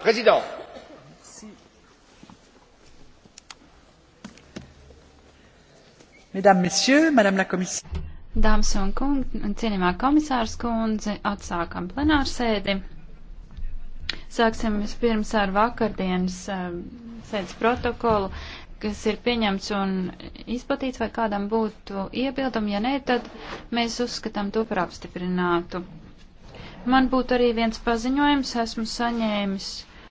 Président. Mesdames, Messieurs, Madame la Commissaire. Dāmas un kungi, cienījumā komisārs kundze, atsākam plenārsēdi. Sāksim vispirms ar vakardienas eh, sēdes protokolu, kas ir pieņemts un izplatīts, vai kādam būtu iebildumi. Ja nē, tad mēs uzskatām to par apstiprinātu. Man būtu arī viens paziņojums, esmu saņēmis